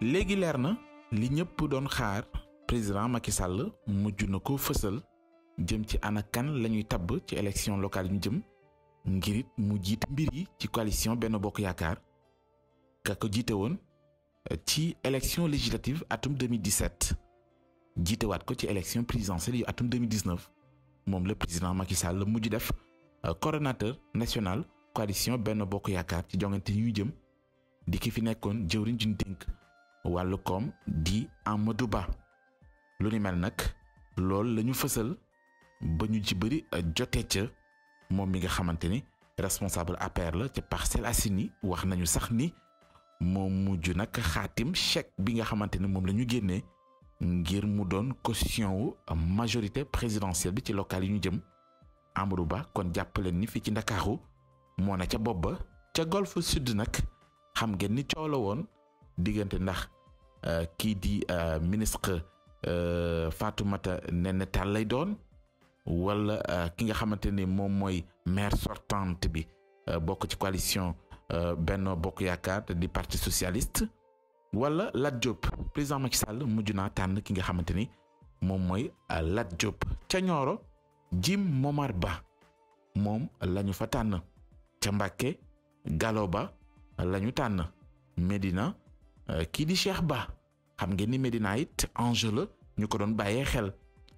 léegi leer na li ñëpp doon xaar président Macky Sall mujj na ko fësal jëm ci ana kan la tabb ci élection locale yu ñu jëm ngir it mu jiite mbir yi ci coalition benn Bokk Yaakaar ka ko jiite woon ci élection législative atum 2017 jiitewaat ko ci élection présidentielle yu atum 2019 moom la président Macky Sall mujj def euh, coordonnateur national coalition benn Bokk Yaakaar ci jongante yu jëm di ki fi nekkoon jëwriñ juñ dénk wàllu koom di Amadou Ba lu ni mel nag loolu la ñu fësal ba ñu ci bëri euh, jotee ca moom mi nga xamante ni responsable APR la ca Parcelles Assainies wax nañu sax ni moom mujj nag xaatim chèque bi nga xamante ni moom la ñu génnee ngir mu doon caution wu majorité présidentielle bi ci local yi ñu jëm Amadou Ba kon jàppaleen ni fii ci Ndakaaru moo na ca bopp ba ca Golf Sud nag xam ngeen ni coow la woon. diggante ndax euh, kii di euh, ministre euh, Fatoumata Néné Tall lay doon wala ki nga xamante ne moom mooy maire sortante bi bokk ci coalition Benno Bokk Yaakaar di parti socialiste wala Lat Diop président Macky Sall mujj naa ki nga xamante ni moom mooy Lat Diop ca Jim Momar Ba moom lañu ñu fa tànn ca Mbacké Gallo Ba la tànn Médina Euh, kii di Cheikh Ba xam ngeen ni Medina it enjeu la ñu ko doon bàyyee xel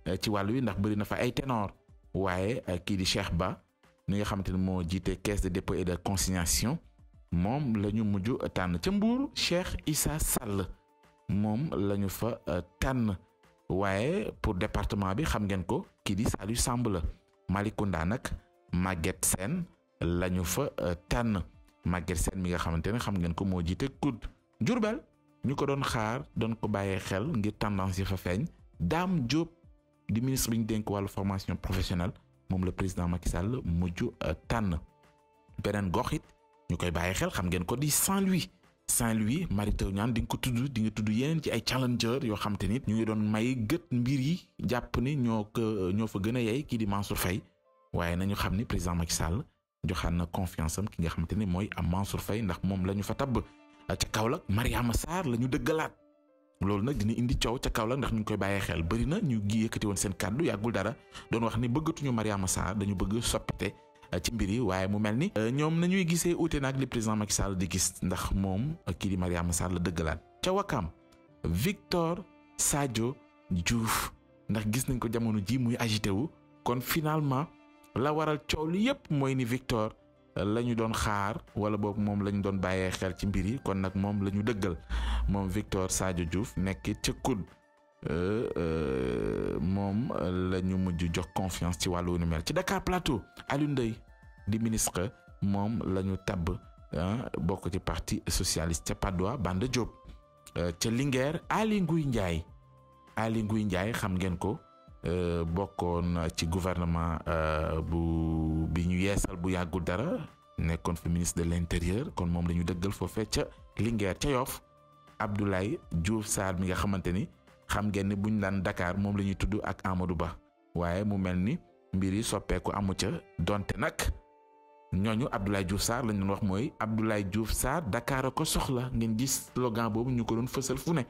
euh, ci wàll wi ndax bëri na fa ay ténor waaye euh, kii di Cheikh Ba mi nga xamante ne moo jiite caisse de dépôt et de consignation moom la ñu mujj tànn ca Mbour Cheikh Issa Sall moom la ñu fa tànn waaye pour département bi xam ngeen ko kii di Saliou Samb la Malicounda nag Maguette Sène la ñu fa tànn Maguette seen mi nga xamante ne xam ngeen ko moo jiite COUD. Diourbel ñu ko doon xaar doon ko bàyyee xel ngir tendance yi fa feeñ daam Diop di ministre bi denk dénk formation professionnelle moom la président Macky Sall mujj euh, tànn beneen gox it ñu koy bàyyi xel xam ngeen ko di Saint-Louis Saint-Louis Mary Teuw Niane di nga ko tudd di nga tudd yeneen ci ay challenger yoo xam te nit ñu ngi doon may gët mbir yi jàpp ni ñoo ko ñoo fa gën a yey kii di Mansour Faye waaye nañu xam ni président Macky Sall joxaan na confiance am ki nga xamante ni mooy am Mansour Faye ndax la ñu fa tabb Euh, ca Kaolack Mariama Sarr la ñu dëggalaat loolu nag dina indi coow ca Kaolack ndax ñu ngi koy bàyyee xel bëri na ñu gi yëkkati woon seen kàddu yàggul dara doon wax ni bëggatuñu Mariama saar dañu bëgg soppite euh, ci mbir yi waaye mu mel ni euh, ñoom nañuy gisee uute na ak li président Macky Sall di gis ndax moom kii di Mariama Sarr la dëggalaat ca Wakam Victor Sadio juuf ndax gis nañ ko jamono ji muy agité wu kon finalement la waral coow li yépp mooy ni Victor la ñu doon xaar wala boog moom la doon bàyyee xeel ci mbir yi kon nag moom la ñu dëggal moom Victor Sadio Diouf nekk ca COUD euh, euh, moom la ñu mujj jox confiance ci wàllu nu mel ci Dakar Plateau Aliou Ndeye di ministre moom la ñu tabb bokk ci parti socialiste ca Padoa band Diop euh, ca Linguère Aly Ngouille Ndiaye Aly Ngouille Ndiaye xam ngeen ko. Euh, bokkoon ci gouvernement euh, bu bi ñu yeesal bu yàggul dara nekkoon fi ministre de l'intérieur kon moom la ñu dëggal foofee ca Linguère ca Yoff Abdoulaye Diouf Sarr mi nga xamante ni xam ngeen ne buñ daan Dakar moom la ñuy tudd ak Amadou Ba waaye mu mel ni mbir yi soppeeku amu ca donte nag ñooñu Abdoulaye Diouf Sarr lañ doon wax mooy Abdoulaye Diouf Sarr Dakar a ko soxla ngeen gis slogan boobu ñu ko doon fësal fu ne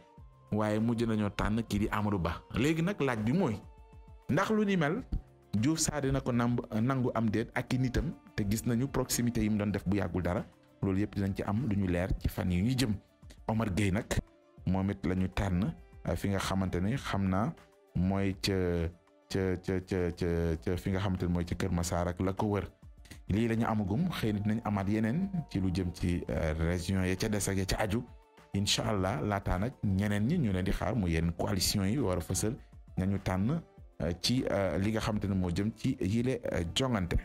waaye mujj nañoo tànn kii di Amadou Ba léegi nag laaj bi mooy. ndax lu ni mel Diouf Sarr dina ko nangu am déet ak i te gis nañu proximité yi mu doon def bu yàggul dara loolu yëpp dinañ ci am lu ñu leer ci fan yi ñuy jëm Omar Gueye nag moom la ñu tànn euh, fi nga xamante ni xam naa mooy ca ca ca ca ca fi nga xamante ni mooy ci Kër Massar ak la ko wër lii la ñu amagum xëy na dinañ amaat yeneen ci lu jëm ci euh, région ya ca des ak ya ca aju incha allah laataa nag ñeneen ñi ñu leen di xaar mu yeneen coalition yi wara a fësal nañu tànn. ci euh, li nga xamante ne moo jëm ci yile euh, jongante